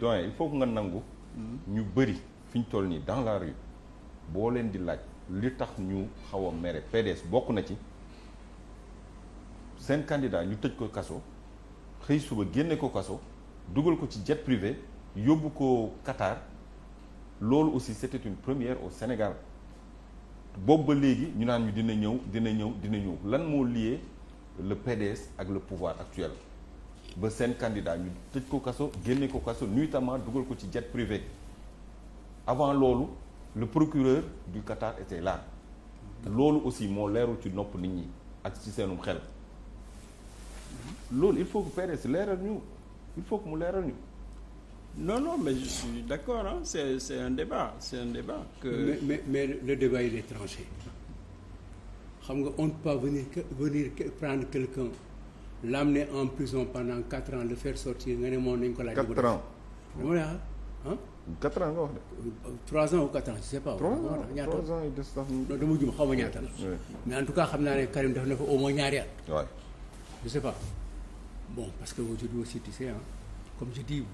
doyen il faut que nga nangu ñu bëri fi ñu toll nii dans la rue boo leen di laaj li tax ñu xaw a mere PDS bokk na ci seen candidat ñu tëj ko kaso xëy suba génne ko kaso dugal ko ci jet privé yóbbu ko Qatar loolu aussi c'était une première au Sénégal boobu ba léegi ñu naan ñu dina ñëw dina ñëw dina ñëw lan moo lié le PDS ak le pouvoir actuelle ba seen candidat ñu tëj ko kaso génne ko kaso nuitamment dugal ko ci jet privé avant loolu le procureur du Qatar était là loolu aussi moo leeru ci nopp nit ñi ak ci seenum xel loolu il faut que PDS leeral ñu il faut que mu leeral ñu non non mais je suis d'accord hein c'est c'est un débat c'est un débat que mais mais, mais le débat il est tranché xam nga on ne peut pas venir venir prendre quelqu'un l'amener en prison pendant quatre ans le faire sortir nga ne moom nañ ko laaj. quatre ans dama ne ah. quatre nga wax de. trois ans ou quatre ans je sais pas. trois ans ñaata ñaata la. mais en tout cas xam naa ne Karim def na fa au moins je sais pas bon parce que aujourd'hui aussi tu sais ah comme je dis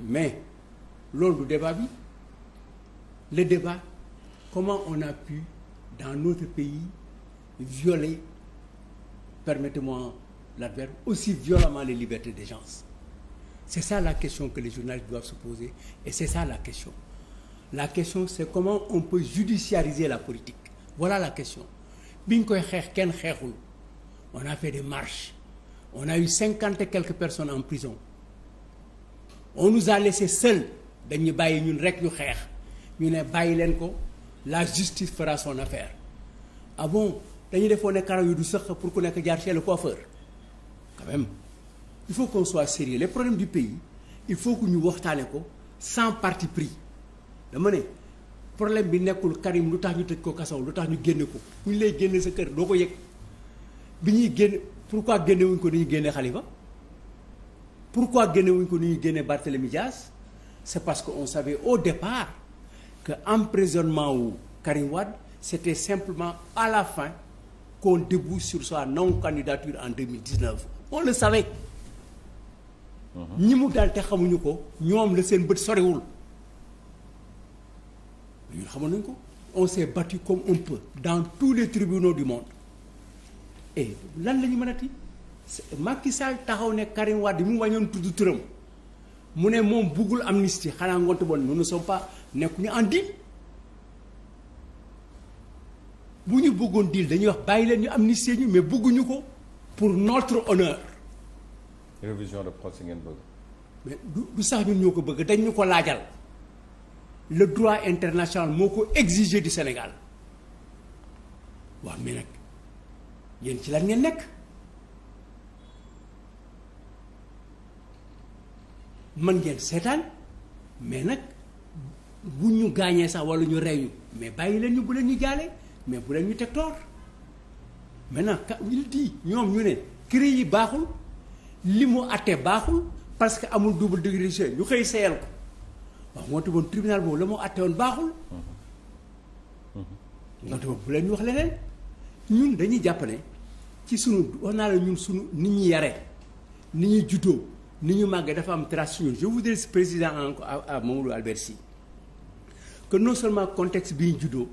mais loolu du débat bi le débat comment on a pu dans notre pays violer. permettez-moi l'adverbe, aussi violemment les libertés de gence C'est ça la question que les journalistes doivent se poser et c'est ça la question. La question c'est comment on peut judiciariser la politique. Voilà la question. bi ñu koy xeex kenn xeexul on a fait des marches on a eu cinquante et quelques personnes en prison on nous a laissé seuls dañu bàyyi ñun rek ñu xeex ñu ne bàyyi leen ko la justice fera son affaire ah dañuy defoo ne karaw yu du sëq pour ku nekk jaar chez le coiffeur quand même il faut qu'on soit sérieux les du pays il faut ku ñu waxtaane ko sans parti pris dama ne problème bi nekkul Karim lu tax ñu tëj ko kasaw lu tax ñu génne ko bu ñu lay génne sa kër doo ko yëg bi ñuy génne pourquoi génne wuñ ko ni ñu génne Khalifa pourquoi génne wuñ ko ni ñu génne Barthélémy Dias c'est parce que on savait au départ que emprisonnement wu Karim Wade c'était simplement à la fin qu'on débouche sur sa non-candidature en 2019 on le savait. ñi mu daal te xamuñu ko ñoom la seen bët sorewul ñun xamoon nañu ko on s'est battu comme on peut dans tous les tribunaux du monde et lan la ñu mën a ti Macky taxaw ne Karim di mu wàññoon tudd turam mu ne moom buggul amnistie xanaa ngonte bon nous ne sommes pas nekkuñu en deal bu ñu bëggoon deal dañuy wax bàyyi leen ñu amnistie ñu mais bëgguñu ko pour notre honneur. révision de procès ngeen bëgg. mais du sax ñun ñoo ko bëgg dañ ko laajal le droit international moo ko exiger du Sénégal waaw mais nag yéen ci lan ngeen nekk man ngeen seetaan mais nag bu ñu gaañee sax walla ñu rey ñu mais bàyyi leen ñu bu leen ñu jaale. mais bu leen ñu teg tort maintenant ka il dit ñoom ñu ne CREI yi baaxul li mu atte baaxul parce que amul double degré C ñu xëy seeyal ko waaw moo boobu la moo atte woon baaxul. Mhm. moo tax woon bu leen ñu wax leneen ñun dañuy jàpp ci suñu wax naa la ñun sunu nit ñi yare nit ñi juddoo nit ñu màggee dafa am trace ñun je voudrais président encore à Mamadou Albert Sy que non seulement contexte bi ñu juddoo.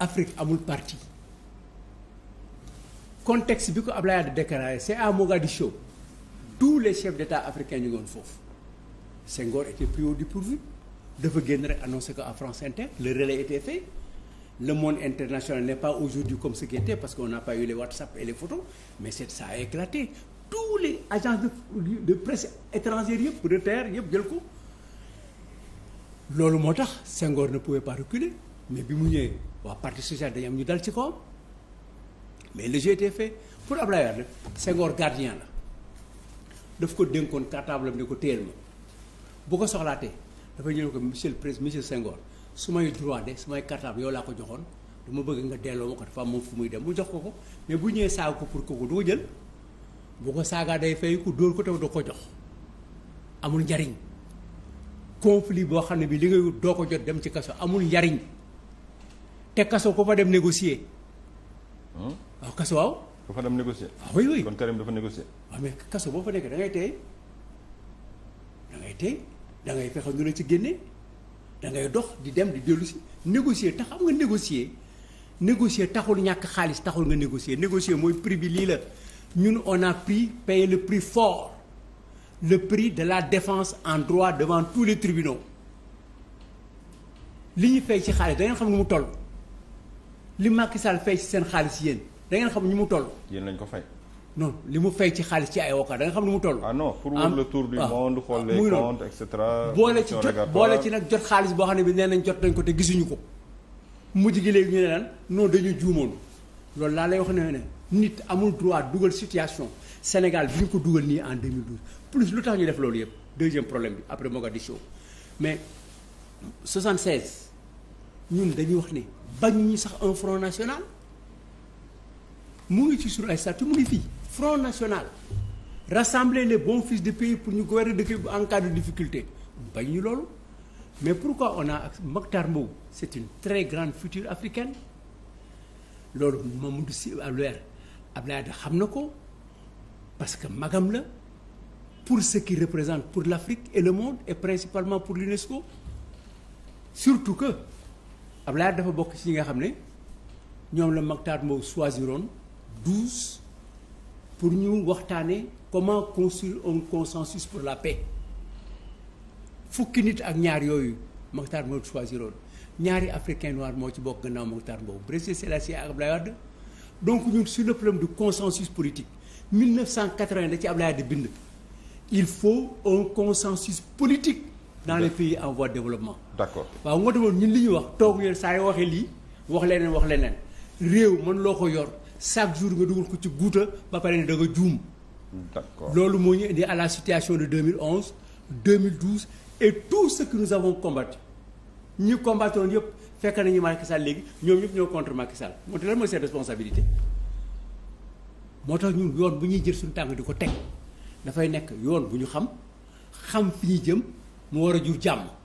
Afrique amul parti contexte bi ko Abdoulaye Wade déclaré c'est à Mogadiscio tous les chefs d'État africains ñu ngi woon foofu Senghor était pris au dépourvu dafa génn rek annoncé que à France Inter le relais était fait le monde international n'est pas aujourd'hui comme ce qu'il était parce qu'on n'a pas eu les WhatsApp et les photos mais c'est ça a éclaté tous les agences de de presse étrangères yëpp de yëpp jël ko loolu moo tax sengoor ne pouvait pas reculer mais bi mu ñëwee waa parti socialiste dañu am ñu dal ci kawam mais le jeu était fait pour Ablaye Wade Senghor gardien la daf ko dénkoon cartable am ne ko téyel ma bu ko soxlaatee dafay ñëw ko monsieur le président monsieur Senghor de su may cartable laa ko joxoon dama bëgg nga delloo ma ko dafa am moom fu muy dem mu jox ko ko mais bu ñëwee saaga ko pour kooku du ko jël bu ko saagaa day fay ku dóor ko tamit du ko jox amul njariñ conflit boo xam ne bi li ngay doo ko jot dem ci kaso amul njariñ kaso ko fa dem négocier. waaw hmm? ah, kaso waaw. ko fa dem négocier. ah oui oui kon Karim dafa négocier. waaw ah, mais kaso boo fa nekkee da ngay tey da ngay tey da fexe ñu la ci génne da ngay dox di dem di dellu si négocier te xam nga négocier négocier taxul ñàkk xaalis taxul nga négocier négocier mooy prix bi lii la ñun on a pris payer le prix fort le prix de la défense en droit devant tous les tribunaux li ñu fay ci xaalis da xam nga mu toll. li Macky Sall fay ci seen xaalis yéen da ngeen xam ñu mu toll. yéen lañ ko fay. noonu li mu fay ci xaalis ci ay avocat da xam ni mu toll. ah non pour wër le tour du ah, monde. Ah, xool les boole ci nag jot xaalis boo xam ne bi nee nañ jot nañ ko te gisuñu ko mujj gi léegi ñu ne lan non dañu juumoon loolu laa lay wax ne ne nit amul droit dugal situation Sénégal bi ñu ko dugal nii en 2012 plus lu tax ñu def loolu yëpp deuxième problème bi après Mogadiscio mais 76 ñun dañuy wax ne. ñu sax un front national mu ngi ci sur ay statut mu ngi fii front national rassembler les bon fils de pays pour ñu ko a dëkk bi en cas de difficulté ñu loolu mais pourquoi on ak Mokhtar Mbow c'est une très grande future africaine loolu Mamadou Sy Albert Abdoulaye Wade xam na ko parce que magam la pour ce qu'il représente pour l'Afrique et le monde et principalement pour l'UNESCO surtout que Abdoulaye dafa bokk ci ñi nga xam ne ñoom la Mactar Mbow choisiroon douze pour ñu waxtaanee comment construire un consensus pour la paix fukki nit ak ñaar yooyu Mactar Mbow choisiroon ñaari africain noir moo ci bokk gannaaw Mactar Mbow Brésil Sélassié ak Abdoulaye Wade donc ñun sur le problème du consensus politique 1980 da ci Abdoulaye Wade bind il faut un consensus politique dans les pays en voie de développement. d'accord waaw moo taxoon ñun li ñuy wax toog yéen saa yoo waxee lii wax leneen wax leneen réew man loo ko yor chaque jour nga dugal ko ci guuta ba pare ne da nga juum. loolu moo ñu indi à la situation de 2011 2012 et tout ce que nous avons combattu ñi combattoon yëpp fekk nañu Macky Sall léegi ñoom ñëpp ñoo contre Macky Sall moo tax lan mooy seen responsabilité moo tax ñun yoon bu ñuy jël suñu tànk di ko teg dafay nekk yoon bu ñu xam xam fi jëm. mu war a jur jàmm